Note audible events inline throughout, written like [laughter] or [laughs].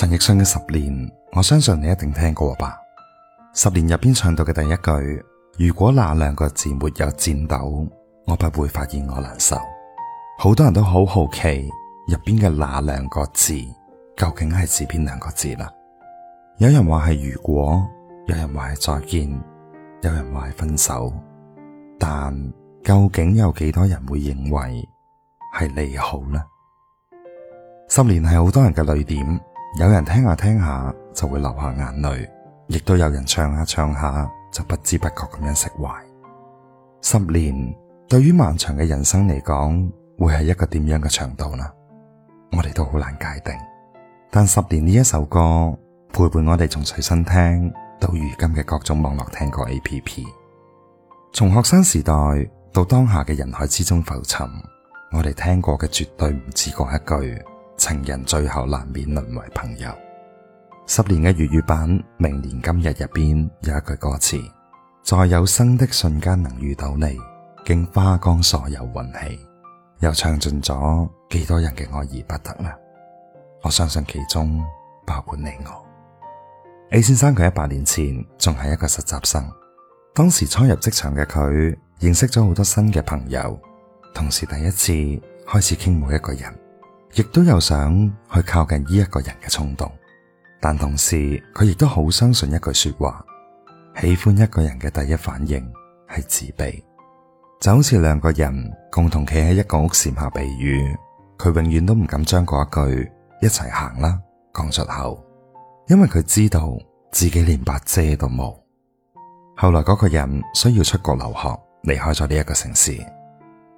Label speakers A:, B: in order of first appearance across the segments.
A: 陳奕迅嘅十年，我相信你一定聽過吧？十年入邊唱到嘅第一句，如果那兩個字沒有顫抖，我不會發現我難受。好多人都好好奇入邊嘅那兩個字究竟係指邊兩個字啦？有人話係如果，有人話係再見，有人話係分手，但究竟有幾多人會認為係你好呢？十年係好多人嘅淚點。有人聽下、啊、聽下、啊、就會流下眼淚，亦都有人唱下、啊、唱下、啊、就不知不覺咁樣釋懷。十年對於漫長嘅人生嚟講，會係一個點樣嘅長度呢？我哋都好難界定。但十年呢一首歌陪伴我哋從隨身聽到如今嘅各種網絡聽歌 App，從學生時代到當下嘅人海之中浮沉，我哋聽過嘅絕對唔止嗰一句。情人最後難免淪為朋友。十年嘅粵語版，明年今日入邊有一句歌詞：在有生的瞬間能遇到你，竟花光所有運氣，又唱盡咗幾多人嘅愛而不得啦。我相信其中包括你我。A 先生佢一百年前仲係一個實習生，當時初入職場嘅佢，認識咗好多新嘅朋友，同時第一次開始傾每一個人。亦都有想去靠近依一個人嘅衝動，但同時佢亦都好相信一句說話：喜歡一個人嘅第一反應係自卑，就好似兩個人共同企喺一個屋檐下避雨，佢永遠都唔敢將嗰一句一齊行啦講出口，因為佢知道自己連把遮都冇。後來嗰個人需要出國留學，離開咗呢一個城市。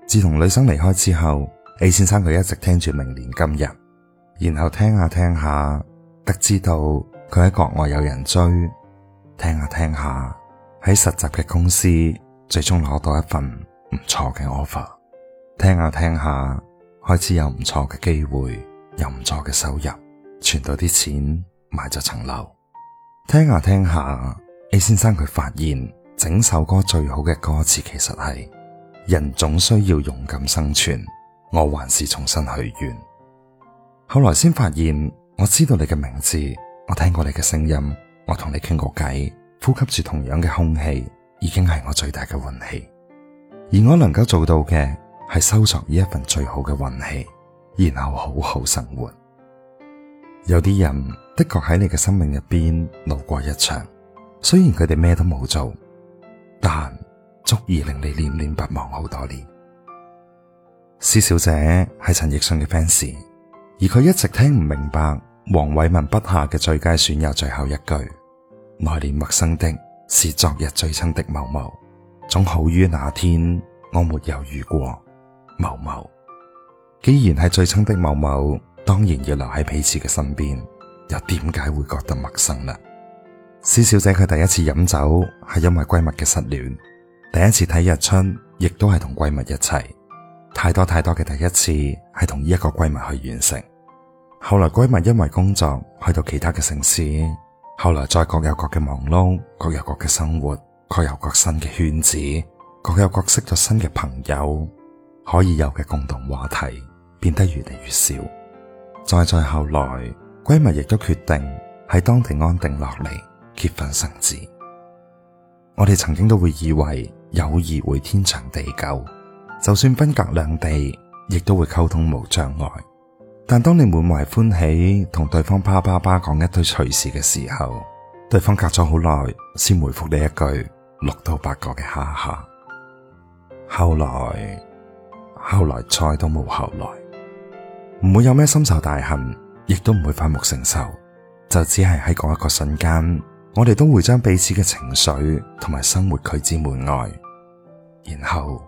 A: 自從女生離開之後。A 先生佢一直聽住明年今日，然後聽下聽下，得知道佢喺國外有人追，聽下聽下喺實習嘅公司最終攞到一份唔錯嘅 offer，聽下聽下開始有唔錯嘅機會，有唔錯嘅收入，存到啲錢買咗層樓，聽下聽下 A 先生佢發現整首歌最好嘅歌詞其實係人總需要勇敢生存。我還是重新許願，後來先發現我知道你嘅名字，我聽過你嘅聲音，我同你傾過偈。呼吸住同樣嘅空氣，已經係我最大嘅運氣。而我能夠做到嘅係收藏呢一份最好嘅運氣，然後好好生活。有啲人的確喺你嘅生命入邊路過一場，雖然佢哋咩都冇做，但足以令你念念不忘好多年。施小姐係陳奕迅嘅 fans，而佢一直聽唔明白黃偉文筆下嘅最佳損友最後一句：來年陌生的是昨日最親的某某，總好於那天我沒有遇過某某。既然係最親的某某，當然要留喺彼此嘅身邊，又點解會覺得陌生呢？施小姐佢第一次飲酒係因為閨蜜嘅失戀，第一次睇日出亦都係同閨蜜一齊。太多太多嘅第一次係同一個閨蜜去完成，後來閨蜜因為工作去到其他嘅城市，後來再各有各嘅忙碌，各有各嘅生活，各有各新嘅圈子，各有各識咗新嘅朋友，可以有嘅共同話題變得越嚟越少。再再後來，閨蜜亦都決定喺當地安定落嚟，結婚生子。我哋曾經都會以為友誼會天長地久。就算分隔兩地，亦都會溝通無障礙。但當你滿懷歡喜同對方叭叭叭講一堆趣事嘅時候， [laughs] 對方隔咗好耐先回覆你一句六到八個嘅哈哈。後來，後來再都冇後來，唔會有咩深仇大恨，亦都唔會反目成仇，就只係喺嗰一個瞬間，我哋都會將彼此嘅情緒同埋生活拒之門外，然後。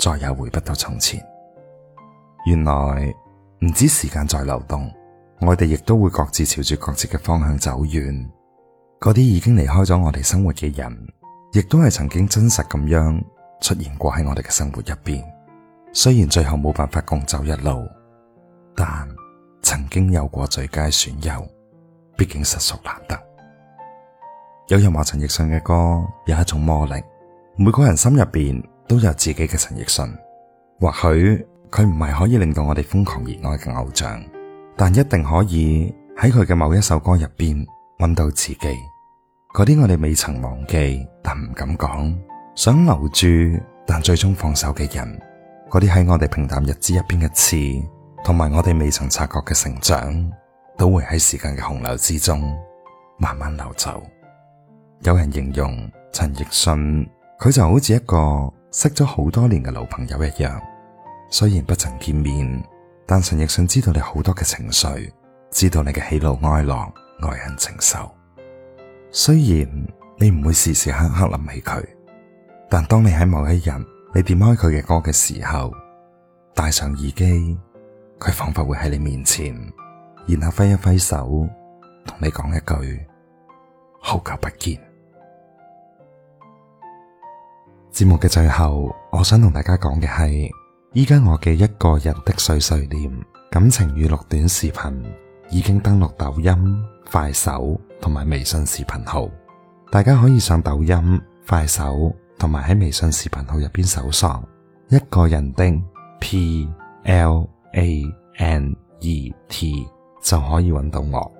A: 再也回不到從前。原來唔止時間在流動，我哋亦都會各自朝住各自嘅方向走遠。嗰啲已經離開咗我哋生活嘅人，亦都係曾經真實咁樣出現過喺我哋嘅生活入邊。雖然最後冇辦法共走一路，但曾經有過最佳損友，畢竟實屬難得。有人話陳奕迅嘅歌有一種魔力，每個人心入邊。都有自己嘅陳奕迅，或許佢唔係可以令到我哋瘋狂熱愛嘅偶像，但一定可以喺佢嘅某一首歌入邊揾到自己。嗰啲我哋未曾忘記但唔敢講，想留住但最終放手嘅人，嗰啲喺我哋平淡日子入邊嘅刺，同埋我哋未曾察覺嘅成長，都會喺時間嘅洪流之中慢慢流走。有人形容陳奕迅，佢就好似一個。識咗好多年嘅老朋友一樣，雖然不曾見面，但陳奕迅知道你好多嘅情緒，知道你嘅喜怒哀樂、愛恨情仇。雖然你唔會時時刻刻諗起佢，但當你喺某一日你點開佢嘅歌嘅時候，戴上耳機，佢仿佛會喺你面前，然後揮一揮手，同你講一句好久不見。節目嘅最後，我想同大家講嘅係，依家我嘅一個人的碎碎念感情語錄短視頻已經登錄抖音、快手同埋微信視頻號，大家可以上抖音、快手同埋喺微信視頻號入邊搜索一個人的 P L A N E T 就可以揾到我。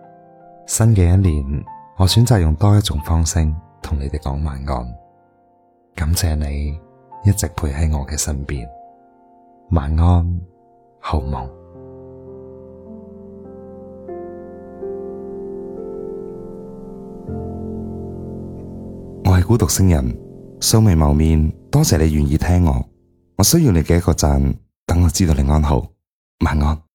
A: 新嘅一年，我選擇用多一種方式同你哋講晚安。感謝你一直陪喺我嘅身邊，晚安，好夢。我係孤獨星人，素未謀面，多謝你願意聽我。我需要你嘅一個讚，等我知道你安好。晚安。